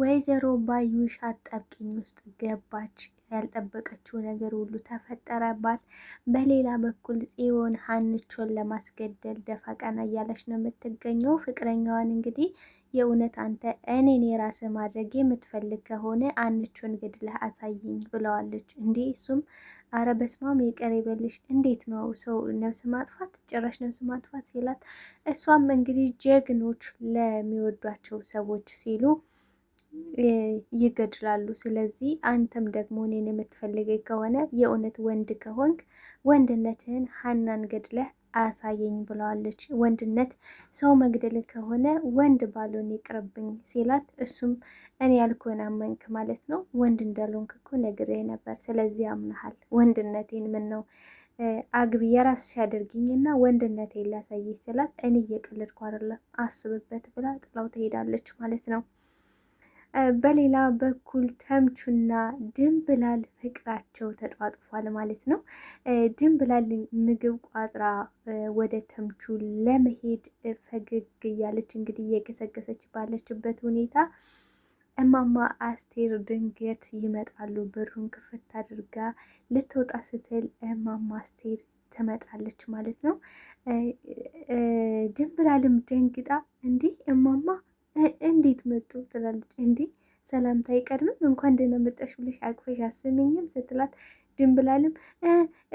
ወይዘሮ ባዩሽ አጣብቂኝ ውስጥ ገባች። ያልጠበቀችው ነገር ሁሉ ተፈጠረባት። በሌላ በኩል ጽዮን ሀንቾን ለማስገደል ደፋ ቀና እያለች ነው የምትገኘው። ፍቅረኛዋን እንግዲህ የእውነት አንተ እኔን የራስ ማድረግ የምትፈልግ ከሆነ አንቾን ገድለህ አሳይኝ ብለዋለች። እንዴ እሱም አረ በስማም ይቅር ይበልሽ፣ እንዴት ነው ሰው ነፍስ ማጥፋት ጭራሽ ነፍስ ማጥፋት ሲላት፣ እሷም እንግዲህ ጀግኖች ለሚወዷቸው ሰዎች ሲሉ ይገድላሉ። ስለዚህ አንተም ደግሞ እኔን የምትፈልገኝ ከሆነ የእውነት ወንድ ከሆንክ ወንድነትህን ሀናን ገድለህ አሳየኝ ብለዋለች። ወንድነት ሰው መግደል ከሆነ ወንድ ባልሆን ይቅርብኝ ሲላት፣ እሱም እኔ ያልኩህን አመንክ ማለት ነው። ወንድ እንዳልሆንክ እኮ ነግሬህ ነበር። ስለዚህ አምናሃል። ወንድነቴን ምን ነው አግቢ የራስሽ አድርጊኝና ወንድነቴን ላሳይ ስላት፣ እኔ እየቀለድኩ አይደለም አስብበት ብላ ጥላው ትሄዳለች ማለት ነው። በሌላ በኩል ተምቹና ድንብላል ፍቅራቸው ተጧጥፏል ማለት ነው። ድንብላል ምግብ ቋጥራ ወደ ተምቹ ለመሄድ ፈገግ እያለች እንግዲህ እየገሰገሰች ባለችበት ሁኔታ እማማ አስቴር ድንገት ይመጣሉ። በሩን ክፍት አድርጋ ልትወጣ ስትል እማማ አስቴር ትመጣለች ማለት ነው። ድንብላልም ደንግጣ እንዲህ እማማ እንዴት መጡ ትላለች። እንዴ ሰላምታ አይቀድምም? እንኳን ደህና መጣሽ ብለሽ አቅፈሽ አስምኝም ስትላት ድንብላልም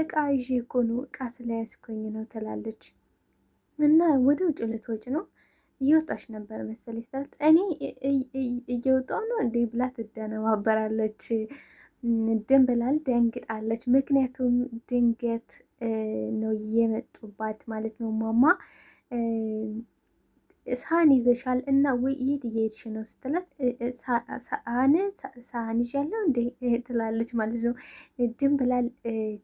እቃ ይዤ እኮ ነው እቃ ስለያዝኩኝ ነው ትላለች። እና ወደ ውጭ ልትወጪ ነው እየወጣች ነበር መሰለኝ ስትላት እኔ እየወጣሁ ነው እንዴ ብላ ትደነባበራለች። ድንብላል ደንግጣለች። ምክንያቱም ድንገት ነው የመጡባት ማለት ነው ማማ ሳህን ይዘሻል እና ወይ የት እየሄድሽ ነው ስትላት፣ ሳህን ሳህን ይዣለሁ እንዴ ትላለች ማለት ነው። ድም ብላል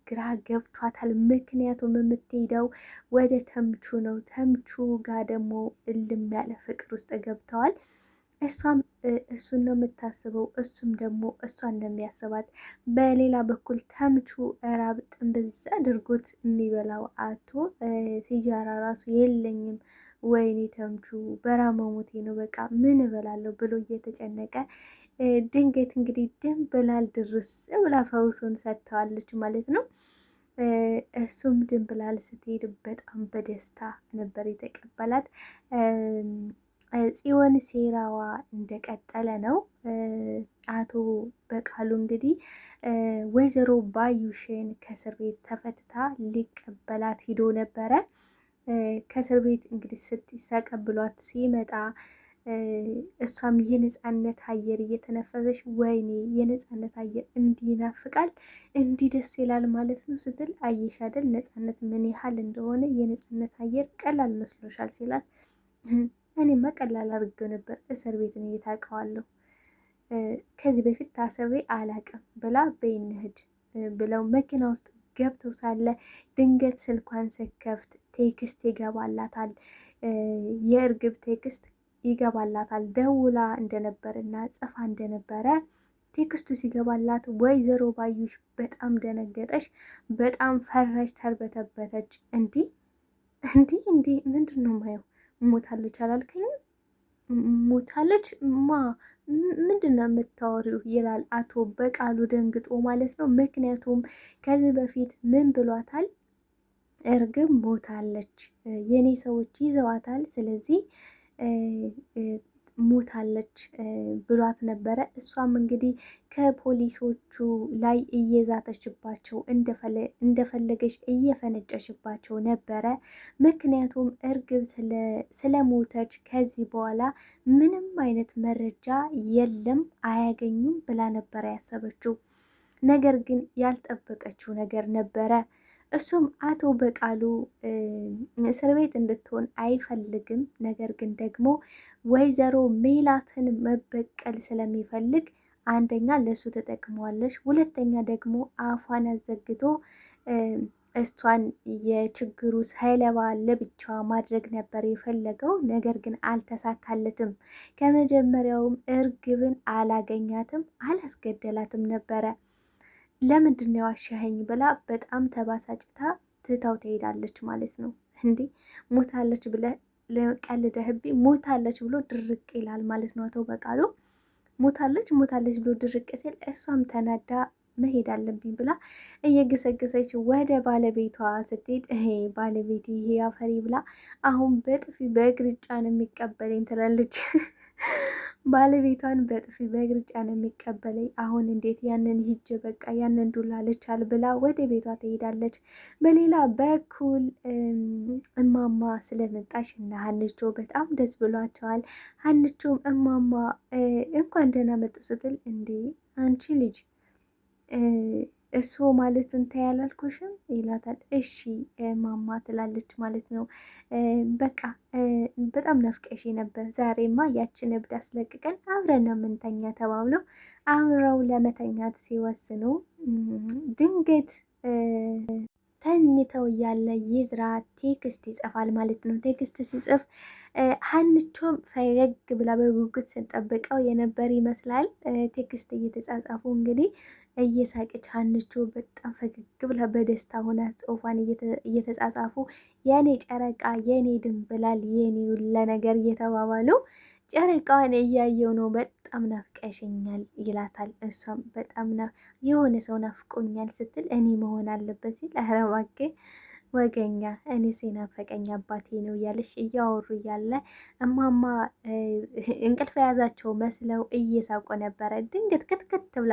ግራ ገብቷታል። ምክንያቱም የምትሄደው ወደ ተምቹ ነው። ተምቹ ጋር ደግሞ እልም ያለ ፍቅር ውስጥ ገብተዋል። እሷም እሱን ነው የምታስበው፣ እሱም ደግሞ እሷ እንደሚያስባት። በሌላ በኩል ተምቹ ራብ ጥንብዝ አድርጎት የሚበላው አቶ ሲጃራ ራሱ የለኝም ወይኔ ተምቹ በራመሞቴ ነው በቃ ምን እበላለሁ ብሎ እየተጨነቀ ድንገት እንግዲህ ድን ብላል ድርስ ብላ ፈውሱን ሰጥተዋለች ማለት ነው። እሱም ድን ብላል ስትሄድ በጣም በደስታ ነበር የተቀበላት። ጽዮን ሴራዋ እንደቀጠለ ነው። አቶ በቃሉ እንግዲህ ወይዘሮ ባዩሽን ከእስር ቤት ተፈትታ ሊቀበላት ሂዶ ነበረ። ከእስር ቤት እንግዲህ ብሏት ሲመጣ እሷም የነፃነት አየር እየተነፈሰች ወይኔ የነፃነት አየር እንዲናፍቃል እንዲህ ደስ ይላል ማለት ነው ስትል አየሽ አይደል ነፃነት ምን ያህል እንደሆነ የነፃነት አየር ቀላል መስሎሻል ሲላት፣ እኔማ ቀላል አድርጌው ነበር እስር ቤት ነው የታውቀዋለሁ ከዚህ በፊት ታስሬ አላቅም ብላ በይንህድ ብለው መኪና ውስጥ ገብተው ሳለ ድንገት ስልኳን ስከፍት ቴክስት ይገባላታል። የእርግብ ቴክስት ይገባላታል። ደውላ እንደነበረና ጽፋ እንደነበረ ቴክስቱ ሲገባላት ወይዘሮ ባዩሽ በጣም ደነገጠች፣ በጣም ፈራሽ ተርበተበተች። እንዲህ እንዲህ እንዲህ ምንድን ነው ማየው? ሞታለች አላልከኝም? ሞታለች ማ ምንድን ነው የምታወሪው? ይላል አቶ በቃሉ ደንግጦ ማለት ነው። ምክንያቱም ከዚህ በፊት ምን ብሏታል? እርግብ ሞታለች፣ የኔ ሰዎች ይዘዋታል፣ ስለዚህ ሞታለች ብሏት ነበረ። እሷም እንግዲህ ከፖሊሶቹ ላይ እየዛተችባቸው እንደፈለገች እየፈነጨችባቸው ነበረ። ምክንያቱም እርግብ ስለሞተች ከዚህ በኋላ ምንም አይነት መረጃ የለም አያገኙም ብላ ነበረ ያሰበችው። ነገር ግን ያልጠበቀችው ነገር ነበረ። እሱም አቶ በቃሉ እስር ቤት እንድትሆን አይፈልግም። ነገር ግን ደግሞ ወይዘሮ ሜላትን መበቀል ስለሚፈልግ አንደኛ ለእሱ ተጠቅመዋለች፣ ሁለተኛ ደግሞ አፏን አዘግቶ እሷን የችግሩ ሰለባ ለብቻዋ ማድረግ ነበር የፈለገው። ነገር ግን አልተሳካለትም። ከመጀመሪያውም እርግብን አላገኛትም፣ አላስገደላትም ነበረ። ለምንድን ነው የዋሻኸኝ ብላ በጣም ተባሳጭታ ትታው ትሄዳለች ማለት ነው። እንዴ ሞታለች ብለህ ቀልደህብኝ ሞታለች ብሎ ድርቅ ይላል ማለት ነው አቶ በቃሉ ሞታለች ሞታለች ብሎ ድርቅ ሲል እሷም ተናዳ መሄድ አለብኝ ብላ እየገሰገሰች ወደ ባለቤቷ ስትሄድ ይሄ ባለቤት ይሄ አፈሪ ብላ አሁን በጥፊ በእግርጫ ነው የሚቀበለኝ ትላለች። ባለቤቷን በጥፊ በእግርጫ ነው የሚቀበለኝ። አሁን እንዴት ያንን ሂጅ በቃ ያንን ዱላ ልቻል ብላ ወደ ቤቷ ትሄዳለች። በሌላ በኩል እማማ ስለመጣሽ እና ሀንቾ በጣም ደስ ብሏቸዋል። ሀንቾም እማማ እንኳን ደህና መጡ ስትል እንዴ አንቺ ልጅ እሱ ማለቱን ተያላልኩሽም ይላታል። እሺ ማማ ትላለች ማለት ነው። በቃ በጣም ነፍቀሽ ነበር፣ ዛሬማ ያችን እብድ አስለቅቀን አብረን የምንተኛ ተባብለው አብረው ለመተኛት ሲወስኑ ድንገት ተኝተው እያለ ይዝራ ቴክስት ይጽፋል ማለት ነው። ቴክስት ሲጽፍ ሀንቾም ፈገግ ብላ በጉጉት ስንጠብቀው የነበር ይመስላል። ቴክስት እየተጻጻፉ እንግዲህ እየሳቀች ሀንቾ በጣም ፈገግ ብላ በደስታ ሆና ጽሁፏን እየተጻጻፉ የኔ ጨረቃ፣ የኔ ድንብላል፣ የኔ ሁሉ ነገር እየተባባሉ ጨረቃዋን እያየው ነው። በጣም ናፍቀሽኛል ይላታል። እሷም በጣም የሆነ ሰው ናፍቆኛል ስትል እኔ መሆን አለበት ሲል ኧረ ወገኛ እኔ ሴና ፈቀኝ አባቴ ነው እያለች እያወሩ እያለ እማማ እንቅልፍ የያዛቸው መስለው እየሳቆ ነበረ። ድንገት ክትክት ብላ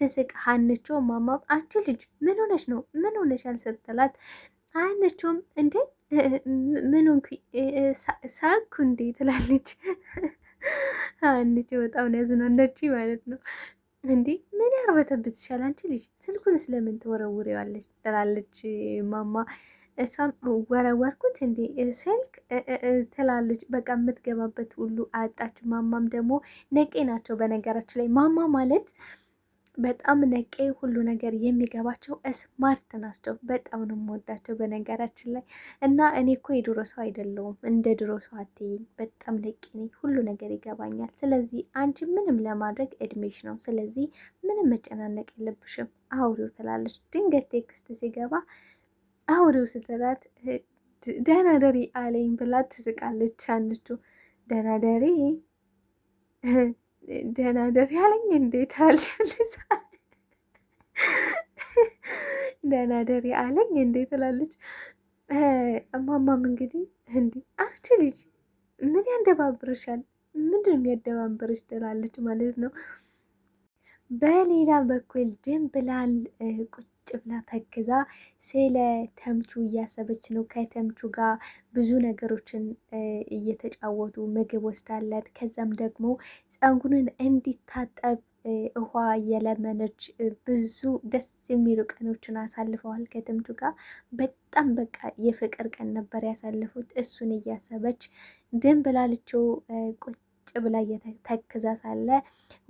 ስስቅ ሀንቾ እማማ አንቺ ልጅ ምን ሆነሽ ነው ምን ሆነሻል ስትላት ሀንቾም እንዴ ምን ሳኩ እንዴ ትላለች። አንቺ በጣም ነው ያዝናናች ማለት ነው። እንዴ ምን ያርበተብት ያርበተብትሻል አንቺ ልጅ ስልኩን ስለምን ትወረውሪዋለሽ? ትላለች ማማ። እሷም ወረወርኩት እንዴ ስልክ ትላለች። በቃ የምትገባበት ሁሉ አጣች። ማማም ደግሞ ነቄ ናቸው። በነገራችን ላይ ማማ ማለት በጣም ነቄ ሁሉ ነገር የሚገባቸው ስማርት ናቸው። በጣም ነው የምወዳቸው በነገራችን ላይ እና እኔ እኮ የድሮ ሰው አይደለውም እንደ ድሮ ሰው አትይኝ። በጣም ነቄ ነኝ። ሁሉ ነገር ይገባኛል። ስለዚህ አንቺ ምንም ለማድረግ እድሜሽ ነው። ስለዚህ ምንም መጨናነቅ የለብሽም። አውሪው ትላለች። ድንገት ቴክስት ሲገባ አውሪው ስትላት ደህና ደሪ አለኝ ብላ ትስቃለች። አንቹ ደህና ደሪ ደህና ደር ያለኝ እንዴት አለ ደህና ደር ያለኝ እንዴት ትላለች። እማማም እንግዲህ እንዲ አንቺ ልጅ ምን ያንደባብርሻል? ምንድን የሚያደባብርሽ ትላለች ማለት ነው። በሌላ በኩል ድንብላል ቁጭ ቁጭ ብላ ተግዛ ስለ ተምቹ እያሰበች ነው። ከተምቹ ጋር ብዙ ነገሮችን እየተጫወቱ ምግብ ወስዳለት፣ ከዛም ደግሞ ፀጉሩን እንዲታጠብ ውሃ እየለመነች ብዙ ደስ የሚሉ ቀኖችን አሳልፈዋል። ከተምቹ ጋር በጣም በቃ የፍቅር ቀን ነበር ያሳልፉት። እሱን እያሰበች ድን ብላለችው ቁጭ ብላ ሳለ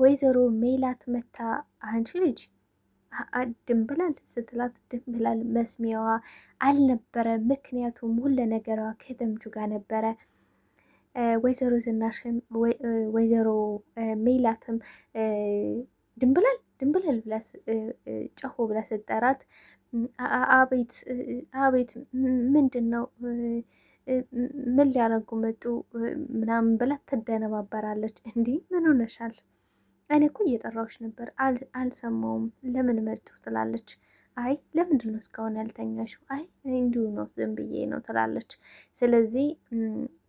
ወይዘሮ ሜላት መታ አንቺ ልጅ ድንብላል ስትላት ድንብላል መስሚያዋ አልነበረ። ምክንያቱም ሁለ ነገሯ ከተምቹ ጋር ነበረ። ወይዘሮ ዝናሽም ወይዘሮ ሜላትም ድንብላል ድንብላል ብላ ጨሆ ብላ ስጠራት አቤት አቤት፣ ምንድን ነው ምን ሊያረጉ መጡ ምናምን ብላ ትደነባበራለች። እንዲህ ምን ሆነሻል? እኔ እኮ እየጠራሁሽ ነበር አልሰማውም፣ ለምን መጡ ትላለች። አይ ለምንድን ነው እስካሁን ያልተኛሽው? አይ እንዲሁ ነው ዝም ብዬ ነው ትላለች። ስለዚህ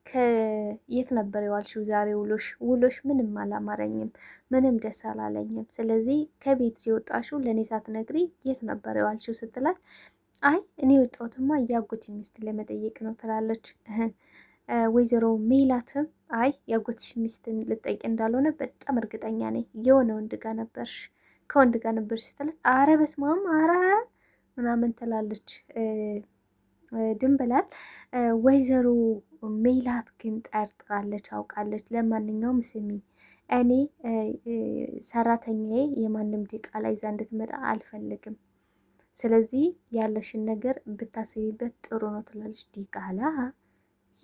ከየት ነበር የዋልሽው ዛሬ ውሎሽ? ውሎሽ ምንም አላማረኝም፣ ምንም ደስ አላለኝም። ስለዚህ ከቤት ሲወጣሽው ለእኔ ሳትነግሪ የት ነበር የዋልሽው ስትላት አይ እኔ የወጣሁትማ እያጎቴ ሚስት ለመጠየቅ ነው ትላለች። ወይዘሮ ሜላትም አይ የአጎትሽ ሚስትን ልጠይቅ እንዳልሆነ በጣም እርግጠኛ ነኝ፣ የሆነ ወንድ ጋ ነበርሽ ከወንድ ጋ ነበርሽ ስትላት አረ በስመ አብ አረ ምናምን ትላለች ድንብላል። ወይዘሮ ሜላት ግን ጠርጥራለች፣ አውቃለች። ለማንኛውም ስሚ እኔ ሰራተኛዬ የማንም ዲቃላ ይዛ እንድትመጣ አልፈልግም። ስለዚህ ያለሽን ነገር ብታስቢበት ጥሩ ነው ትላለች ዲቃላ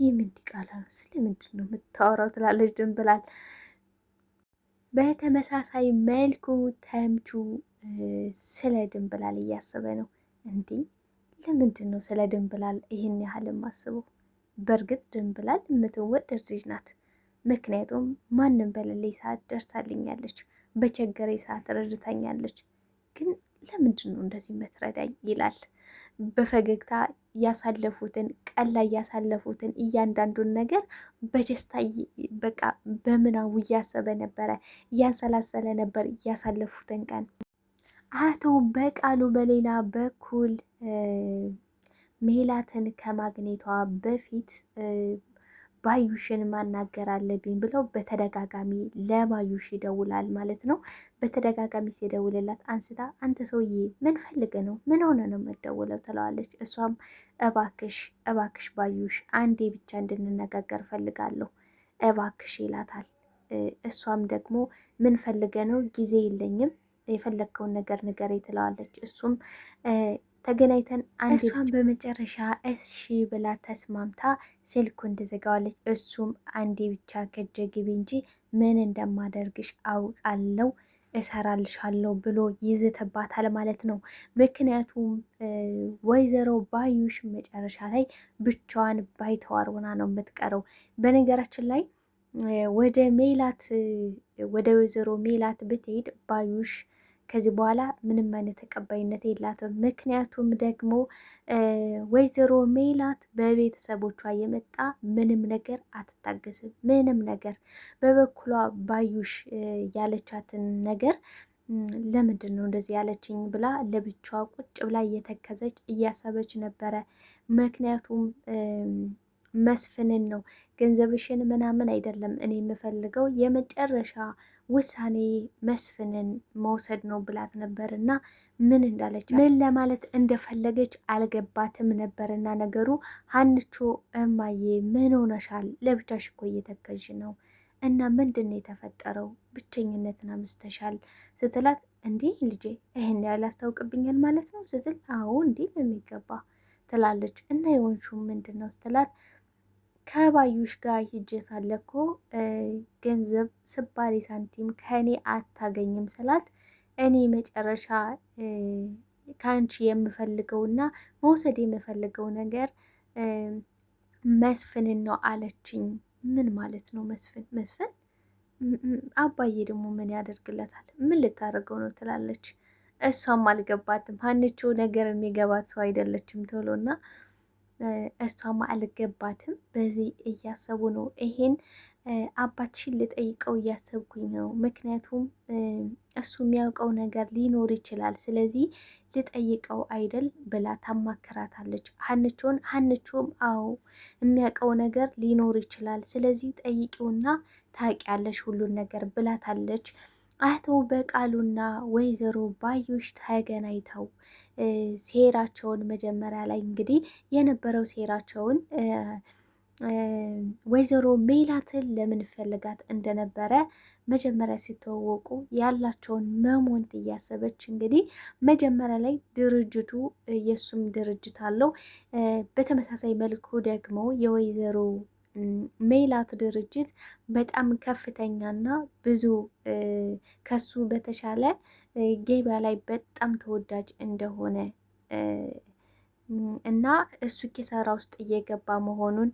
ይህ ምንድ ቃላ ነው? ስለምንድን ነው የምታወራው? ትላለች ድንብላል። በተመሳሳይ መልኩ ተምቹ ስለ ድንብላል እያሰበ ነው። እንዲህ ለምንድን ነው ስለ ድንብላል ይህን ያህል የማስበው? በእርግጥ ድንብላል የምትወደድ ልጅ ናት። ምክንያቱም ማንም በሌለኝ ሰዓት ደርሳልኛለች፣ በቸገረኝ ሰዓት ረድታኛለች። ግን ለምንድን ነው እንደዚህ መትረዳኝ ይላል። በፈገግታ ያሳለፉትን ቀን ላይ ያሳለፉትን እያንዳንዱን ነገር በደስታ በቃ በምናቡ እያሰበ ነበረ፣ እያንሰላሰለ ነበር እያሳለፉትን ቀን። አቶ በቃሉ በሌላ በኩል ሜላትን ከማግኘቷ በፊት ባዩሽን ማናገር አለብኝ ብለው በተደጋጋሚ ለባዩሽ ይደውላል ማለት ነው። በተደጋጋሚ ሲደውልላት አንስታ አንተ ሰውዬ ምን ፈልገ ነው? ምን ሆነ ነው የምደውለው ትለዋለች። እሷም እባክሽ እባክሽ ባዩሽ አንዴ ብቻ እንድንነጋገር ፈልጋለሁ እባክሽ ይላታል። እሷም ደግሞ ምን ፈልገ ነው? ጊዜ የለኝም የፈለግከውን ነገር ንገረኝ ትለዋለች። እሱም ተገናኝተን እሷን በመጨረሻ እሺ ብላ ተስማምታ ስልኩን ትዘጋዋለች። እሱም አንዴ ብቻ ከእጄ ግቢ እንጂ ምን እንደማደርግሽ አውቃለው እሰራልሻለሁ ብሎ ይዝትባታል ማለት ነው። ምክንያቱም ወይዘሮ ባዩሽ መጨረሻ ላይ ብቻዋን ባይተዋር ሆና ነው የምትቀረው። በነገራችን ላይ ወደ ሜላት ወደ ወይዘሮ ሜላት ብትሄድ ባዩሽ ከዚህ በኋላ ምንም አይነት ተቀባይነት የላትም። ምክንያቱም ደግሞ ወይዘሮ ሜላት በቤተሰቦቿ የመጣ ምንም ነገር አትታገስም። ምንም ነገር በበኩሏ ባዩሽ ያለቻትን ነገር ለምንድን ነው እንደዚህ ያለችኝ ብላ ለብቻዋ ቁጭ ብላ እየተከዘች እያሰበች ነበረ። ምክንያቱም መስፍንን ነው ገንዘብሽን ምናምን አይደለም እኔ የምፈልገው የመጨረሻ ውሳኔ መስፍንን መውሰድ ነው ብላት ነበር እና ምን እንዳለች ምን ለማለት እንደፈለገች አልገባትም ነበርና ነገሩ ሀንቾ እማዬ ምን ሆነሻል? ለብቻሽ እኮ እየተከዥ ነው እና ምንድን ነው የተፈጠረው? ብቸኝነትን አምስተሻል ስትላት እንዲህ ልጄ ይህን ያህል አስታውቅብኛል ማለት ነው ስትል አዎ እንዲህ በሚገባ ትላለች እና የሆንሹ ምንድን ነው ስትላት ከባዩሽ ጋር ሂጄ ሳለኮ ገንዘብ ስባሪ ሳንቲም ከእኔ አታገኝም ስላት እኔ መጨረሻ ከአንቺ የምፈልገውና መውሰድ የምፈልገው ነገር መስፍንን ነው አለችኝ። ምን ማለት ነው መስፍን? መስፍን አባዬ ደግሞ ምን ያደርግለታል? ምን ልታደርገው ነው ትላለች። እሷም አልገባትም። ሀንቾ ነገር የሚገባት ሰው አይደለችም ቶሎ እና እሷማ አልገባትም በዚህ እያሰቡ ነው። ይሄን አባትሽን ልጠይቀው እያሰብኩኝ ነው። ምክንያቱም እሱ የሚያውቀው ነገር ሊኖር ይችላል። ስለዚህ ልጠይቀው አይደል ብላ ታማከራታለች ሀንቾን። ሀንቾም አዎ የሚያውቀው ነገር ሊኖር ይችላል። ስለዚህ ጠይቂውና ታውቂያለሽ ሁሉን ነገር ብላታለች። አቶ በቃሉና ወይዘሮ ባዩሽ ተገናኝተው ሴራቸውን መጀመሪያ ላይ እንግዲህ የነበረው ሴራቸውን ወይዘሮ ሜላትን ለምን ፈልጋት እንደነበረ መጀመሪያ ሲተዋወቁ ያላቸውን መሞንት እያሰበች እንግዲህ መጀመሪያ ላይ ድርጅቱ የእሱም ድርጅት አለው። በተመሳሳይ መልኩ ደግሞ የወይዘሮ ሜላት ድርጅት በጣም ከፍተኛና ብዙ ከሱ በተሻለ ገበያ ላይ በጣም ተወዳጅ እንደሆነ እና እሱ ኪሳራ ውስጥ እየገባ መሆኑን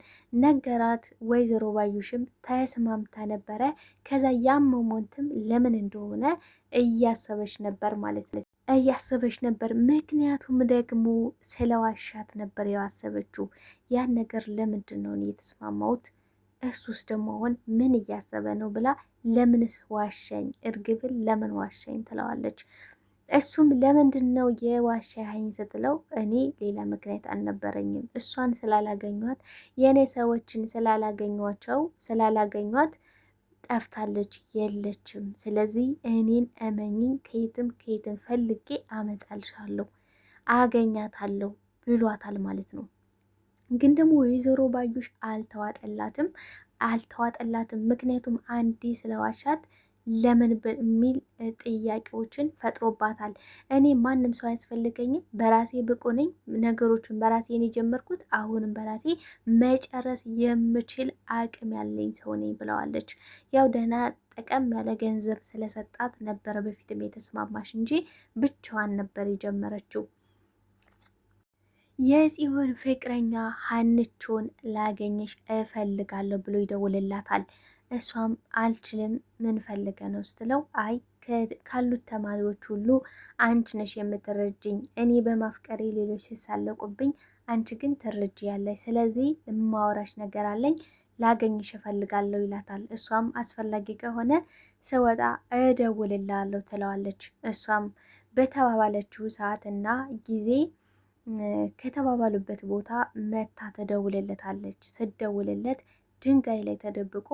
ነገራት። ወይዘሮ ባዩሽም ተስማምታ ነበረ። ከዛ ያመሞንትም ለምን እንደሆነ እያሰበች ነበር ማለት ነው። እያሰበች ነበር። ምክንያቱም ደግሞ ስለዋሻት ነበር የዋሰበችው ያን ነገር ለምንድን ነው የተስማማሁት? እሱስ ደግሞ አሁን ምን እያሰበ ነው ብላ ለምንስ ዋሸኝ፣ እርግብን ለምን ዋሸኝ ትለዋለች። እሱም ለምንድን ነው የዋሻኸኝ ስትለው እኔ ሌላ ምክንያት አልነበረኝም፣ እሷን ስላላገኟት የእኔ ሰዎችን ስላላገኟቸው ስላላገኟት ጠፍታለች የለችም። ስለዚህ እኔን እመኝኝ ከየትም ከየትም ፈልጌ አመጣልሻለሁ አገኛታለሁ ብሏታል ማለት ነው። ግን ደግሞ ወይዘሮ ባዩሽ አልተዋጠላትም አልተዋጠላትም። ምክንያቱም አንዴ ስለዋሻት ለምን የሚል ጥያቄዎችን ፈጥሮባታል። እኔ ማንም ሰው አያስፈልገኝም፣ በራሴ ብቁ ነኝ፣ ነገሮችን በራሴ የጀመርኩት አሁንም በራሴ መጨረስ የምችል አቅም ያለኝ ሰው ነኝ ብለዋለች። ያው ደህና ጠቀም ያለ ገንዘብ ስለሰጣት ነበረ በፊትም የተስማማሽ እንጂ ብቻዋን ነበር የጀመረችው። የጽዮን ፍቅረኛ ሀንቾን ላገኘሽ እፈልጋለሁ ብሎ ይደውልላታል። እሷም አልችልም ምን ፈልገ ነው ስትለው አይ ካሉት ተማሪዎች ሁሉ አንቺ ነሽ የምትረጅኝ። እኔ በማፍቀሬ ሌሎች ሲሳለቁብኝ፣ አንቺ ግን ትረጅ ያለሽ። ስለዚህ የማወራሽ ነገር አለኝ ላገኝሽ እፈልጋለሁ ይላታል። እሷም አስፈላጊ ከሆነ ስወጣ እደውልልሃለሁ ትለዋለች። እሷም በተባባለችው ሰዓትና ጊዜ ከተባባሉበት ቦታ መታ ትደውልለታለች። ስደውልለት ድንጋይ ላይ ተደብቆ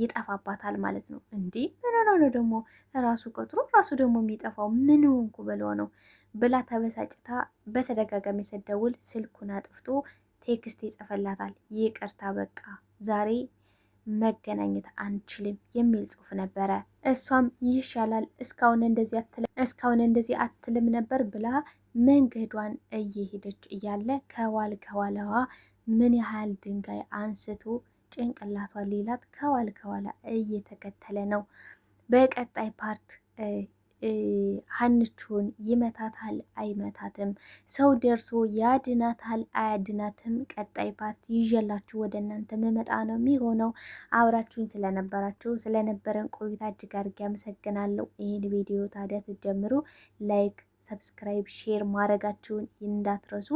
ይጠፋባታል ማለት ነው። እንዲህ ምን ሆኖ ነው ደግሞ ራሱ ቀጥሮ ራሱ ደግሞ የሚጠፋው ምን ሆንኩ ብሎ ነው ብላ ተበሳጭታ በተደጋጋሚ ስደውል ስልኩን አጥፍቶ ቴክስት ይጽፈላታል። ይቅርታ በቃ ዛሬ መገናኘት አንችልም የሚል ጽሁፍ ነበረ። እሷም ይሻላል እስካሁን እንደዚህ አትልም እስካሁን እንደዚህ አትልም ነበር ብላ መንገዷን እየሄደች እያለ ከዋል ከዋለዋ ምን ያህል ድንጋይ አንስቶ ጭንቅላቷ ሌላት ከዋል ከኋላ እየተከተለ ነው። በቀጣይ ፓርት ሀንቹን ይመታታል አይመታትም፣ ሰው ደርሶ ያድናታል አያድናትም፣ ቀጣይ ፓርት ይዤላችሁ ወደ እናንተ መመጣ ነው የሚሆነው። አብራችሁን ስለነበራችሁ ስለነበረን ቆይታ እጅግ አድርጌ አመሰግናለሁ። ይህን ቪዲዮ ታዲያ ስትጀምሩ ላይክ፣ ሰብስክራይብ፣ ሼር ማድረጋችሁን እንዳትረሱ።